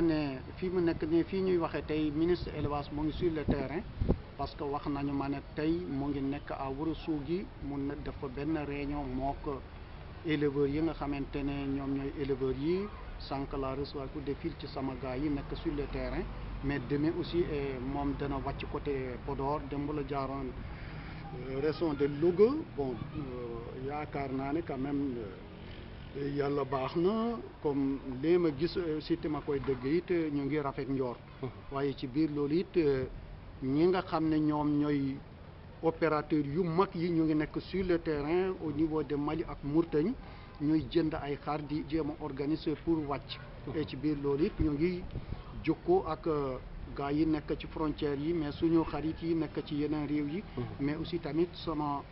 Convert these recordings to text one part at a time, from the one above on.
naa ne fii mu nekk nii fii ñuy waxee tey ministre élevage mu ngi sur le terrain parce que wax nañu ma ne tey mu ngi nekk à Ourossogui mun na def benn réunion moo ko éleveurs yi nga xamante ne ñoom ñooy éleveurs yi sànq la recevoir coup de fil ci sama gars yi nekk sur le terrain mais demain aussi eh, moom dana wàcc côté Podor démb la jaaroon euh, région de Louga bon euh, yaakaar naa ne quand euh, yàlla baax na comme lii ma gis euh, si te ma koy dëgg it euh, ñu ngi rafet njoor uh-huh. waaye ci biir loolu it euh, ñi nga xam ne ñoom ñooy opérateur yu mag yi ñu ngi nekk sur le terrain au niveau de Mali ak Mauritanie ñuy jënd ay xar di jéem a organiser pour wàcc uh-huh. ci biir loolu it ñu ngi jokkoo ak gars yi nekk ci frontières yi mais suñu xarit yi nekk ci yeneen réew yi uh-huh. mais aussi tamit sama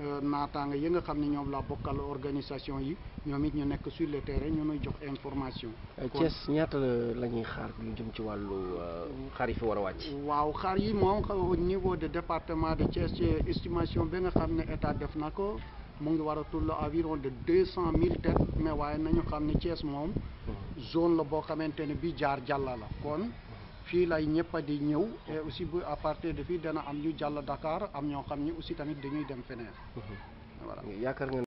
Euh, naataanga yi nga xam ne ñoom la bokkal organisation yi ñoom it ñu nekk sur le terrain ñu nuy jox information. Euh, Thiès ñaata la ñuy xaar ñu jëm ci wàllu euh, xaar yi fi war a wàcc. waaw xaar yi moom au niveau de département de Thiès estimation bi nga xam ne état def na ko mu ngi war a tull environ de deux cent mille têtes mais waaye nañu xam ne Thiès moom. Hmm. zone la boo xamante ne bi jaar jàlla la kon. fii lay ñëpp di ñëw aussi bu à partir de fii dana am ñu jàll dakaar am ñoo xam ni aussi tamit dañuy dem feneen. Mhm.